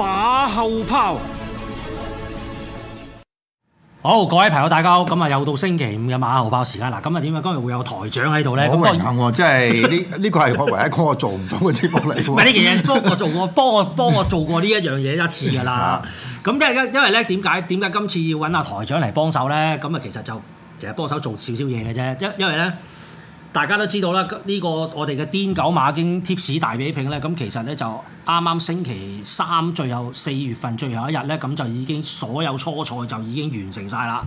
馬後炮，好，各位朋友大家好，咁啊又到星期五嘅馬後炮時間啦，咁啊點解今日會有台長喺度咧？咁啊唔同喎，即係呢呢個係我唯一一個做唔到嘅節目嚟。唔係呢件嘢，幫我做過，幫我幫我做過呢一樣嘢一次噶啦。咁即係因因為咧，點解點解今次要揾阿台長嚟幫手咧？咁啊其實就成日幫手做少少嘢嘅啫，因因為咧。大家都知道啦，呢、這個我哋嘅癲狗馬經 tips 大比拼呢，咁其實呢就啱啱星期三最後四月份最後一日呢，咁就已經所有初賽就已經完成晒啦。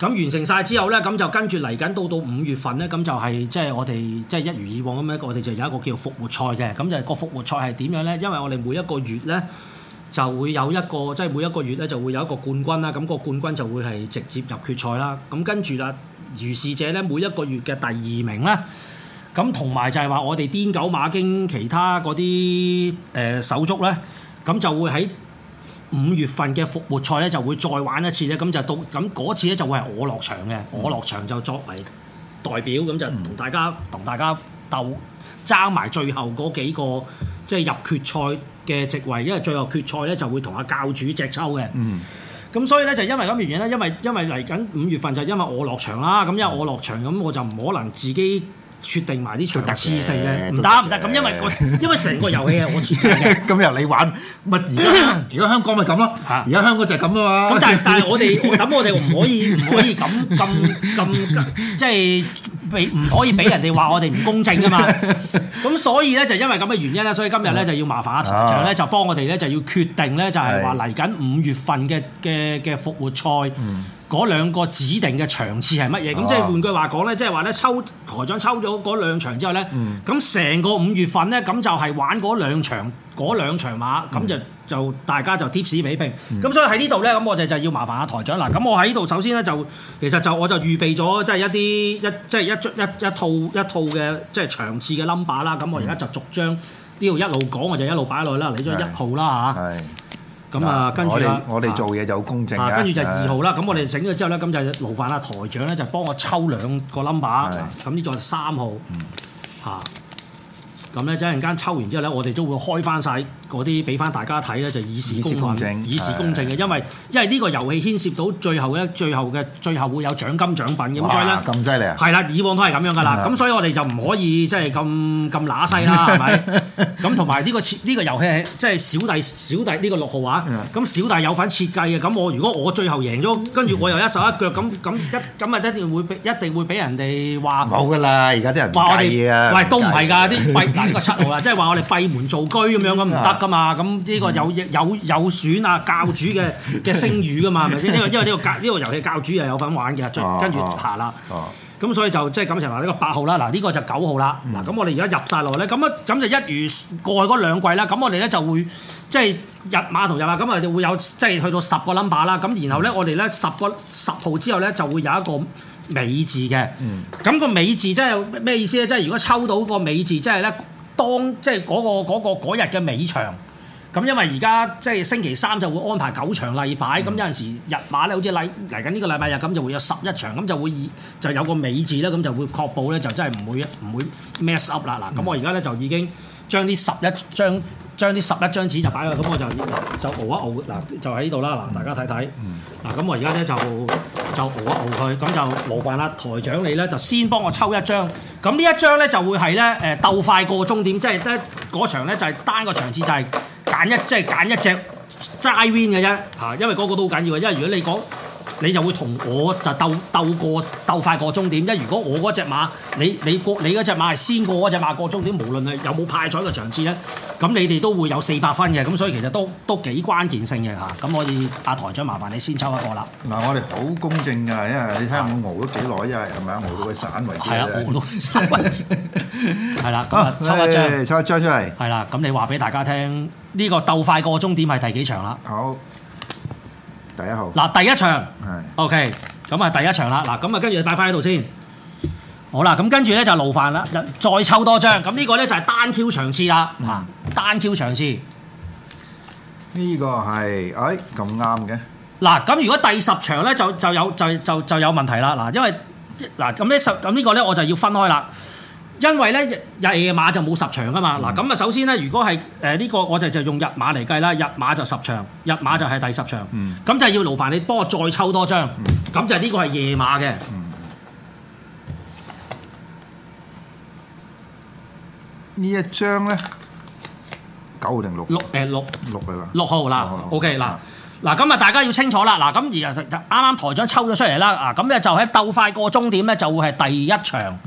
咁、嗯、完成晒之後呢，咁就跟住嚟緊到到五月份呢，咁就係即係我哋即係一如以往咁樣，我哋就有一個叫復活賽嘅。咁就係個復活賽係點樣呢？因為我哋每一個月呢，就會有一個，即、就、係、是、每一個月呢，就會有一個冠軍啦。咁、那個冠軍就會係直接入決賽啦。咁跟住啦。如是者咧，每一個月嘅第二名咧，咁同埋就係話我哋癲狗馬經其他嗰啲誒手足咧，咁就會喺五月份嘅復活賽咧就會再玩一次咧，咁就到咁嗰次咧就會係我落場嘅，嗯、我落場就作為代表咁就同大家同、嗯、大家鬥爭埋最後嗰幾個即係、就是、入決賽嘅席位，因為最後決賽咧就會同阿教主隻揪嘅。嗯。咁所以咧就因為咁樣原因咧，因為因為嚟緊五月份就因為我落場啦，咁因為我落場，咁我就唔可能自己決定埋啲場次性嘅，唔得唔得，咁因為因為成個遊戲係我自己嘅，咁由你玩乜，而家而家香港咪咁咯，而家香港就係咁啊嘛。咁但係但係我哋我諗我哋唔可以唔可以咁咁咁即係。俾唔 可以俾人哋話我哋唔公正㗎嘛，咁 所以咧就因為咁嘅原因咧，所以今日咧就要麻煩阿台長咧就幫我哋咧就要決定咧就係話嚟緊五月份嘅嘅嘅復活賽。嗯嗰兩個指定嘅場次係乜嘢？咁、哦、即係換句話講咧，即係話咧抽台長抽咗嗰兩場之後咧，咁成、嗯、個五月份咧，咁就係、是、玩嗰兩場嗰兩場馬，咁、嗯、就就大家就 tips 比拼。咁、嗯、所以喺呢度咧，咁我就就要麻煩阿、啊、台長嗱。咁我喺呢度首先咧就其實就我就預備咗即係一啲一即係、就是、一一一套一套嘅即係場次嘅 number 啦。咁我而家就逐張呢度一路講，我就一路擺落去啦。你將一號啦嚇。我哋做嘢，就好公正，啊。跟住就二號啦，咁、嗯、我哋整咗之後呢，咁、嗯、就勞煩阿台長呢，就幫我抽兩個 number，咁呢個就三號，嚇、嗯，咁咧即係一間抽完之後呢，我哋都會開翻曬。嗰啲俾翻大家睇咧，就以示公正，以示公正嘅，因為因為呢個遊戲牽涉到最後咧，最後嘅最後會有獎金獎品嘅。咁所以咧，咁犀利啊！係啦，以往都係咁樣噶啦。咁所以我哋就唔可以即係咁咁揦西啦，係咪？咁同埋呢個呢個遊戲係即係小弟小弟呢個六號話，咁小弟有份設計嘅。咁我如果我最後贏咗，跟住我又一手一腳咁咁一咁咪一定會一定會俾人哋話冇㗎啦！而家啲人話我哋，話都唔係㗎，啲閉呢個七號啦，即係話我哋閉門造居咁樣咁唔得。噶嘛，咁呢個有有有選啊教主嘅嘅聲譽，噶嘛，係咪先？呢個因為呢、這個教呢、這個遊戲、這個、教主又有份玩嘅，跟住爬啦。咁所以就即係咁就話呢個八號啦。嗱、這、呢個就九號啦。嗱，咁我哋而家入晒落咧，咁啊咁就一如過去嗰兩季啦。咁我哋咧就會即係入馬同入啦，咁啊就會有即係去到十個 number 啦。咁然後咧，我哋咧十個十號之後咧就會有一個尾字嘅。咁、嗯、個尾字即係咩意思咧？即係如果抽到個尾字，即係咧。當即係嗰、嗰個嗰、嗰個嗰個、日嘅尾場，咁因為而家即係星期三就會安排九場例牌，咁、嗯、有陣時日馬咧，好似例嚟緊呢個禮拜日咁，就會有十一場，咁就會以就有個尾字咧，咁就會確保咧就真係唔會唔會 mess up 啦。嗱、嗯，咁我而家咧就已經將呢十一張將啲十一張紙就擺啦，咁我就就熬一熬嗱就喺呢度啦，嗱大家睇睇，嗱咁、嗯嗯、我而家咧就。就戇一戇去，咁就麻煩。台長你呢，就先幫我抽一張，咁呢一張呢，就會係呢誒鬥快過終點，即係咧嗰場咧就係、是、單個場次就係揀一即係揀一隻齋 win 嘅啫嚇，因為嗰個都好緊要，因為如果你講。你就會同我就鬥鬥過鬥快過終點，因為如果我嗰隻馬，你你個你嗰隻馬係先過嗰隻馬過終點，無論係有冇派彩嘅場次咧，咁你哋都會有四百分嘅，咁所以其實都都幾關鍵性嘅嚇，咁可以阿台長麻煩你先抽一個啦。嗱，我哋好公正㗎，因為你睇下我熬咗幾耐呀，係咪啊，熬到佢散為止。係啊，熬到散為止。係啦這樣，咁啊抽一張，抽一張出嚟。係啦，咁你話俾大家聽，呢個鬥快過終點係第幾場啦？好。第一號，嗱，第一場係，OK，咁啊第一場啦，嗱，咁啊跟住擺翻喺度先，好啦，咁跟住咧就勞煩啦，再抽多張，咁呢個咧就係單挑場次啦，啊、嗯，單挑場次，呢個係，哎，咁啱嘅，嗱，咁如果第十場咧就就有就就就有問題啦，嗱，因為，嗱，咁呢十咁呢個咧我就要分開啦。因為咧日夜馬就冇十場噶嘛，嗱，咁啊首先咧，如果係誒呢個我就就用日馬嚟計啦，日馬就十場，日馬就係第十場，咁、嗯、就係要勞煩你幫我再抽多張，咁、嗯、就呢個係夜馬嘅、嗯。呢一張咧九號定六,六？六誒六六嚟啦，六,六號嗱、哦、OK 嗱、啊。嗱，咁啊，大家要清楚啦。嗱，咁而家就啱啱台長抽咗出嚟啦。嗱，咁咧就喺鬥快過終點咧，就會係第一場。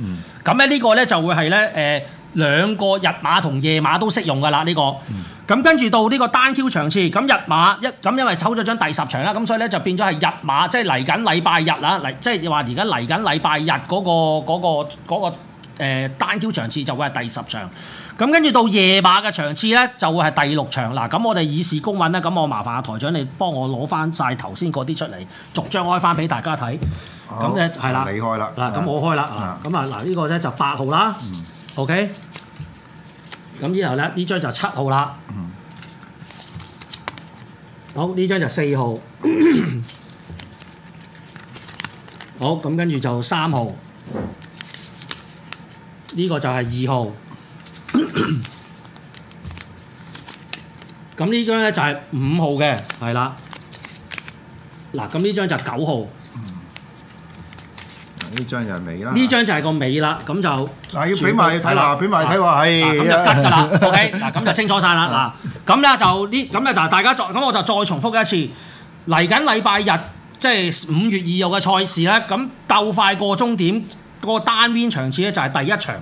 咁咧呢個咧就會係咧誒兩個日馬同夜馬都適用㗎啦。呢、呢個。咁、嗯、跟住到呢個單挑場次，咁日馬一咁因為抽咗張第十場啦，咁所以咧就變咗係日馬，即係嚟緊禮拜日啦。嚟即係話而家嚟緊禮拜日嗰、嗰個嗰、嗰個嗰、嗰個呃、單挑場次就會係第十場。咁跟住到夜馬嘅場次咧，就會、是、係第六場嗱。咁我哋以示公允啦。咁我麻煩阿、啊、台長你幫我攞翻晒頭先嗰啲出嚟，逐張開翻俾大家睇。咁咧係啦，你開啦嗱，咁我開啦。咁啊嗱，這個、呢個咧就八號啦。嗯、OK，咁然後咧呢張就七號啦。嗯、好，呢張就四號。 好，咁跟住就三號。呢 個就係二號。咁呢張咧就係五號嘅，係啦。嗱，咁呢張就係九號。呢張、嗯、就係尾啦。呢張就係個尾啦，咁就。嗱，要俾埋要睇啦。俾埋睇話係。咁就吉噶啦。O K，嗱，咁就清楚晒啦。嗱、 啊，咁咧就呢，咁咧嗱，大家再，咁我就再重複一次。嚟緊禮拜日，即係五月二號嘅賽事咧，咁鬥快過終點、個單邊場次咧，就係第一場。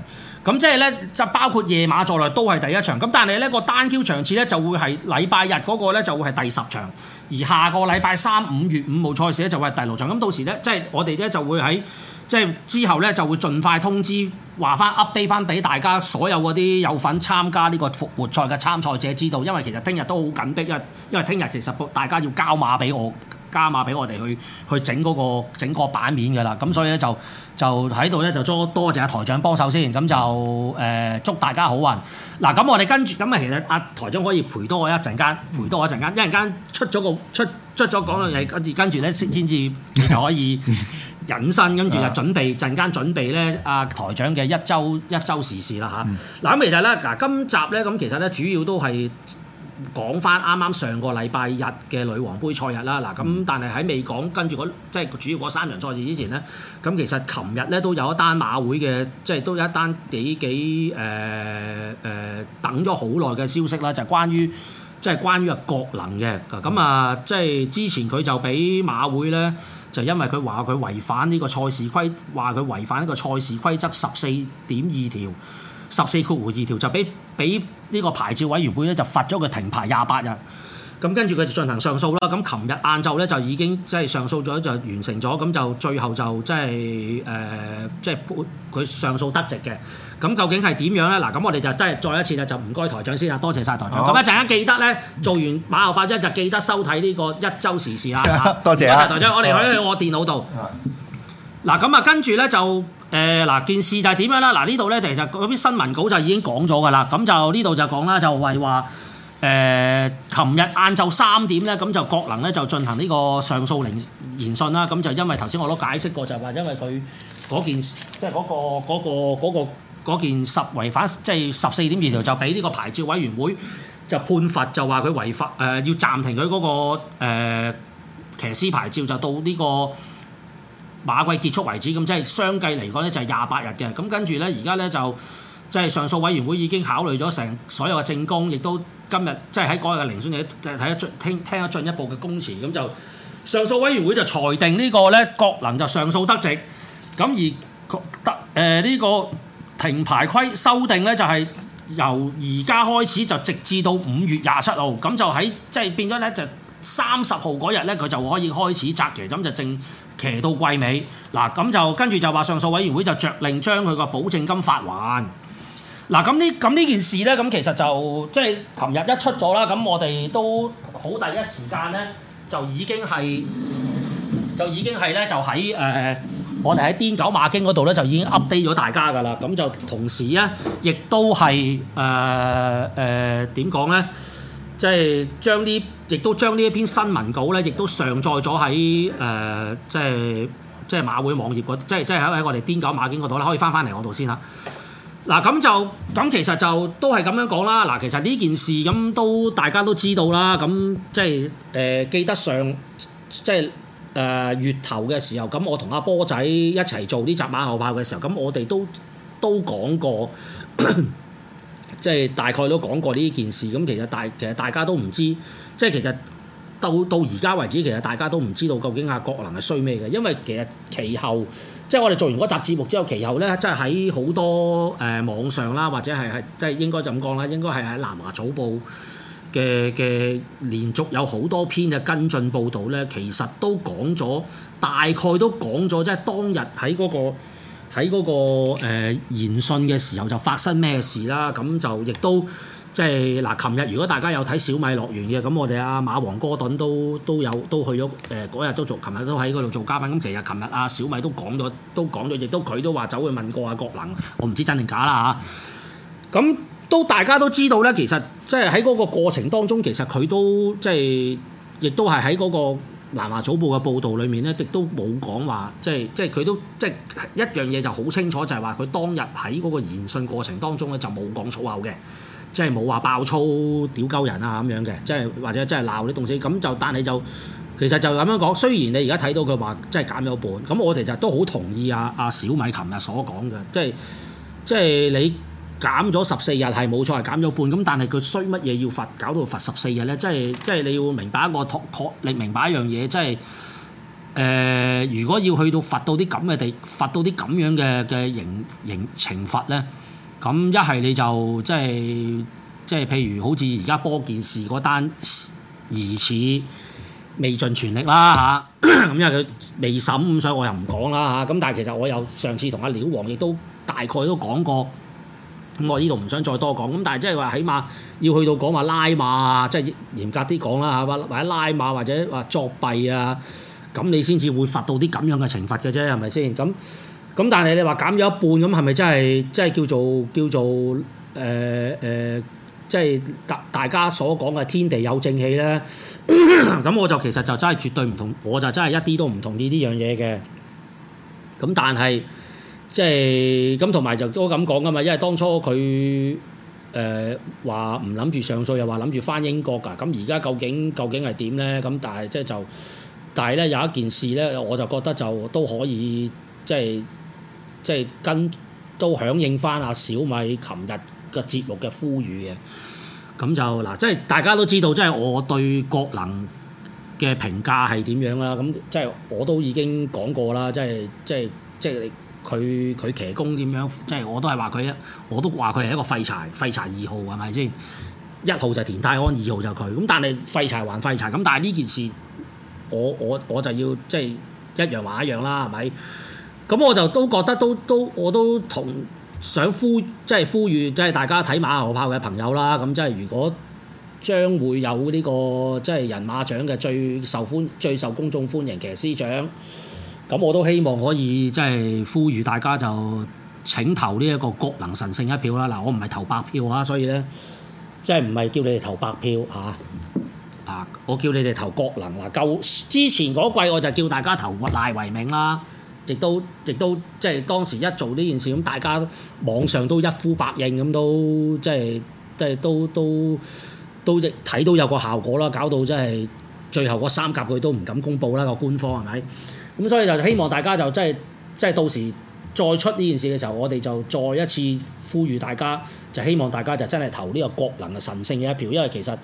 咁即係咧，就包括夜馬在內都係第一場。咁但係咧，個單 Q 場次咧就會係禮拜日嗰個咧就會係第十場，而下個禮拜三五月五號賽事咧就會係第六場。咁到時咧，即係我哋咧就會喺即係之後咧就會盡快通知話翻 update 翻俾大家所有嗰啲有份參加呢個復活賽嘅參賽者知道。因為其實聽日都好緊迫，因為因為聽日其實大家要交馬俾我。加碼俾我哋去去整嗰、那個整個版面嘅啦，咁所以咧就就喺度咧就多多謝阿台長幫手先，咁就誒、呃、祝大家好運。嗱，咁我哋跟住咁啊，其實阿台長可以陪多我一陣間，陪多我一陣間，一陣間出咗個出出咗講嘅嘢，跟住跟住咧先先至可以隱身，跟住就準備陣間準備咧阿台長嘅一周一週時事啦吓，嗱、啊、咁其實咧嗱今集咧咁其實咧主要都係。講翻啱啱上個禮拜日嘅女王杯賽日啦，嗱咁，但係喺未講跟住嗰即係主要嗰三場賽事之前呢，咁其實琴日呢都有一單馬會嘅，即係都有一單幾幾誒誒、呃呃、等咗好耐嘅消息啦，就係、是、關於即係關於阿國能嘅，咁啊即係之前佢就俾馬會呢，就因為佢話佢違反呢個賽事規，話佢違反呢個賽事規則十四點二條、十四括弧二條，就俾俾。呢個牌照委員會咧就罰咗佢停牌廿八日，咁、嗯、跟住佢就進行上訴啦。咁琴日晏晝咧就已經即係上訴咗就完成咗，咁、嗯、就最後就、呃、即係誒即係佢上訴得直嘅。咁、嗯、究竟係點樣咧？嗱，咁我哋就真係再一次咧，就唔該台長先啊，多謝晒台長。咁一陣間記得咧做完馬後砲就記得收睇呢、這個一周時事啊！多謝台、啊、長，我哋喺我電腦度。嗱咁啊，跟住咧就誒嗱、呃、件事就係點樣啦？嗱、啊、呢度咧，其實嗰啲新聞稿就已經講咗㗎啦。咁、啊、就呢度就講啦，就係話，誒、呃，琴日晏晝三點咧，咁、嗯、就國能咧就進行呢個上訴聆言訊啦。咁就因為頭先我都解釋過，就係、是、話因為佢嗰件即係嗰個嗰、那個嗰、那個嗰件十違反即係十四點二條就俾呢個牌照委員會就判罰，就話佢違法誒、呃、要暫停佢嗰、那個誒、呃、騎師牌照，就到呢、這個。馬季結束為止，咁即係相繼嚟講咧，就係廿八日嘅。咁跟住咧，而家咧就即係上訴委員會已經考慮咗成所有嘅證供，亦都今日即係喺嗰日嘅聆訊，亦都睇下聽聽下進一步嘅供詞。咁就上訴委員會就裁定呢個咧，郭能就上訴得直。咁而得誒呢個停牌規修訂咧，就係由而家開始就直至到五月廿七號。咁就喺即係變咗咧，就三十號嗰日咧，佢就可以開始擲期。咁就正。騎到季尾，嗱，咁就跟住就話上訴委員會就着令將佢個保證金發還。嗱，咁呢，咁呢件事呢，咁其實就即係琴日一出咗啦，咁我哋都好第一時間呢，就已經係就已經係呢，就喺誒我哋喺癲狗馬經嗰度呢，就已經 update 咗大家㗎啦，咁就同時呢，亦都係誒誒點講呢？即係將呢，亦都將呢一篇新聞稿咧，亦都上載咗喺誒，即係即係馬會網頁嗰，即係即係喺喺我哋癲狗馬經嗰度啦。可以翻翻嚟我度先嚇。嗱、啊，咁就咁其實就都係咁樣講啦。嗱、啊，其實呢件事咁都大家都知道啦。咁、啊、即係誒、呃、記得上即係誒、呃、月頭嘅時候，咁我同阿波仔一齊做呢集馬後炮嘅時候，咁我哋都都講過。 即係大概都講過呢件事，咁其實大其實大家都唔知，即係其實到到而家為止，其實大家都唔知道究竟阿郭能係衰咩嘅，因為其實其後即係我哋做完嗰集節目之後，其後呢，即係喺好多誒網上啦，或者係係即係應該就咁講啦，應該係喺《南華早報》嘅嘅連續有好多篇嘅跟進報導呢，其實都講咗，大概都講咗，即係當日喺嗰個。喺嗰個言訊嘅時候就發生咩事啦？咁就亦都即係嗱，琴日如果大家有睇小米樂園嘅，咁我哋阿、啊、馬王哥頓都都有都去咗誒，嗰、呃、日都做，琴日都喺嗰度做嘉賓。咁其實琴日阿小米都講咗，都講咗，亦都佢都話走去問過阿郭能，我唔知真定假啦吓。咁都大家都知道咧，其實即係喺嗰個過程當中，其實佢都即係亦都係喺嗰個。南華早報嘅報導裡面咧，亦都冇講話，即係即係佢都即係一樣嘢就好清楚，就係話佢當日喺嗰個言訊過程當中咧，就冇講粗口嘅，即係冇話爆粗屌鳩人啊咁樣嘅，即係或者即係鬧啲東西。咁就，但係就其實就咁樣講。雖然你而家睇到佢話即係減咗半，咁我哋就都好同意阿、啊、阿、啊、小米琴日、啊、所講嘅，即係即係你。減咗十四日係冇錯，係減咗半。咁但係佢衰乜嘢要罰，搞到罰十四日咧？即係即係你要明白一個確確，你明白一樣嘢，即係誒、呃，如果要去到罰到啲咁嘅地，罰到啲咁樣嘅嘅刑刑懲罰咧，咁一係你就係、即係即係譬如好似而家波件事嗰單疑似未盡全力啦嚇。咁 因為佢未審，所以我又唔講啦嚇。咁但係其實我又上次同阿廖王亦都大概都講過。咁我呢度唔想再多講，咁但係即係話，起碼要去到講話拉馬啊，即係嚴格啲講啦嚇，或者拉馬或者話作弊啊，咁你先至會罰到啲咁樣嘅懲罰嘅啫，係咪先？咁咁但係你話減咗一半，咁係咪真係即係叫做叫做誒誒，即係大大家所講嘅天地有正氣咧？咁 我就其實就真係絕對唔同，我就真係一啲都唔同意呢樣嘢嘅。咁但係。即係咁，同埋就都咁講㗎嘛，因為當初佢誒話唔諗住上訴，又話諗住返英國㗎。咁而家究竟究竟係點咧？咁但係即係就，但係咧有一件事咧，我就覺得就都可以即係即係跟都響應返阿小米琴日嘅節目嘅呼籲嘅。咁就嗱，即係大家都知道，即係我對國能嘅評價係點樣啦。咁即係我都已經講過啦，即係即係即係你。佢佢騎功點樣？即係我都係話佢一，我都話佢係一個廢柴，廢柴二號係咪先？一號就田泰安，二號就佢。咁但係廢柴還廢柴。咁但係呢件事，我我我就要即係、就是、一樣話一樣啦，係咪？咁我就都覺得都都我都同想呼即係、就是、呼籲即係、就是、大家睇馬後炮嘅朋友啦。咁即係如果將會有呢、這個即係、就是、人馬獎嘅最受歡最受公眾歡迎騎師獎。咁我都希望可以即係呼籲大家就請投呢一個國能神聖一票啦。嗱，我唔係投白票啊，所以咧即係唔係叫你哋投白票啊？嗱，我叫你哋投國能嗱。舊、啊、之前嗰季我就叫大家投賴為名啦，亦、啊、都亦都即係當時一做呢件事，咁大家網上都一呼百應，咁都即係即係都都都亦睇到有個效果啦。搞到即係最後嗰三甲佢都唔敢公佈啦，個官方係咪？是。咁所以就希望大家就真係，真係到時再出呢件事嘅時候，我哋就再一次呼籲大家，就希望大家就真係投呢個國能嘅神聖嘅一票，因為其實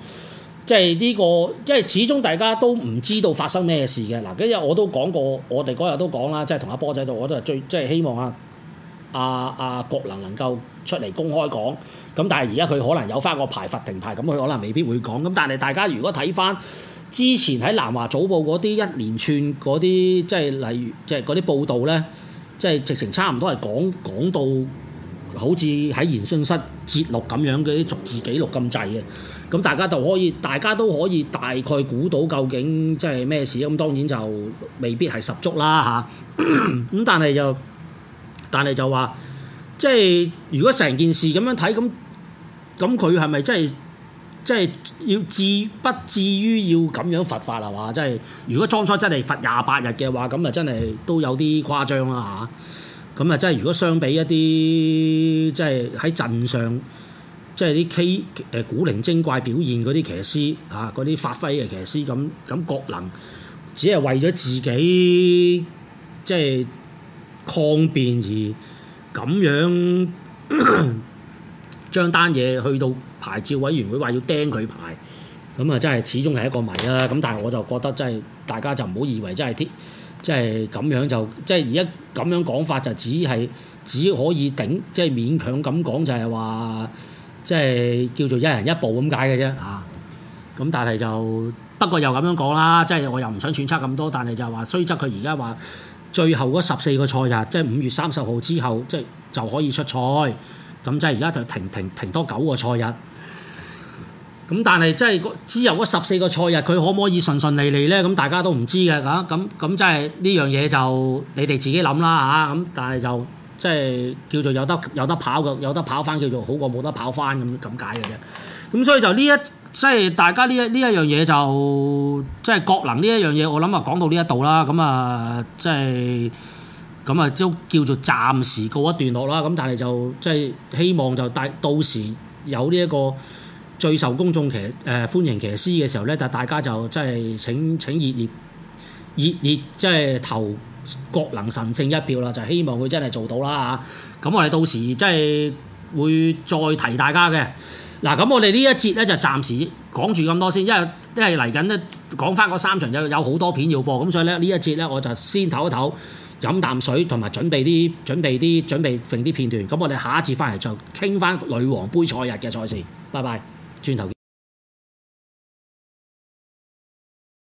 即係呢個，即係始終大家都唔知道發生咩事嘅。嗱，今日我都講過，我哋嗰日都講啦，即係同阿波仔度，我都係最即係希望啊，啊，啊，國能能夠出嚟公開講。咁但係而家佢可能有翻個排罰停牌，咁佢可能未必會講。咁但係大家如果睇翻。之前喺南華早報嗰啲一連串嗰啲即係例如即係嗰啲報道呢，即係直情差唔多係講講到好似喺研訊室節錄咁樣嘅啲逐字記錄咁滯嘅，咁大家就可以，大家都可以大概估到究竟即係咩事，咁當然就未必係十足啦嚇，咁但係就，但係就話即係如果成件事咁樣睇，咁咁佢係咪真係？即係要至不至於要咁樣罰法係嘛？即係如果莊卓真係罰廿八日嘅話，咁啊真係都有啲誇張啦嚇！咁啊真係如果相比一啲即係喺陣上，即係啲奇誒古靈精怪表現嗰啲騎師嚇，嗰、啊、啲發揮嘅騎師咁咁，郭、那個、能只係為咗自己即係抗辯而咁樣。 張單嘢去到牌照委員會話要釘佢牌，咁啊真係始終係一個謎啦。咁但係我就覺得真係大家就唔好以為真係貼，即係咁樣就，即係而家咁樣講法就只係只可以頂，即係勉強咁講就係話，即係叫做一人一步咁解嘅啫啊。咁但係就不過又咁樣講啦，即係我又唔想揣測咁多，但係就話雖則佢而家話最後嗰十四個賽日，即係五月三十號之後，即係就可以出賽。咁即係而家就停停停多九個賽日，咁但係即係只有嗰十四個賽日，佢可唔可以順順利利咧？咁大家都唔知嘅，咁咁咁即係呢樣嘢就你哋自己諗啦嚇。咁、啊、但係就即係、即係、叫做有得有得跑嘅，有得跑翻叫做好過冇得跑翻咁咁解嘅啫。咁所以就呢一即係、即係、大家呢一呢一樣嘢就即係、即係、國能呢一樣嘢，我諗啊講到呢一度啦，咁啊即係。咁啊，都叫做暫時告一段落啦。咁但係就即係希望就帶到時有呢一個最受公眾騎誒歡迎騎師嘅時候咧，就大家就即係請請熱烈熱烈即係、就是、投各能神聖一票啦。就希望佢真係做到啦嚇。咁、啊、我哋到時即係會再提大家嘅嗱。咁我哋呢一節咧就暫時講住咁多先，因為因為嚟緊咧講翻嗰三場有有好多片要播，咁所以咧呢一節咧我就先唞一唞。飲啖水，同埋準備啲準備啲準備定啲片段。咁我哋下一次翻嚟再傾翻女王杯賽日嘅賽事。拜拜，轉頭見。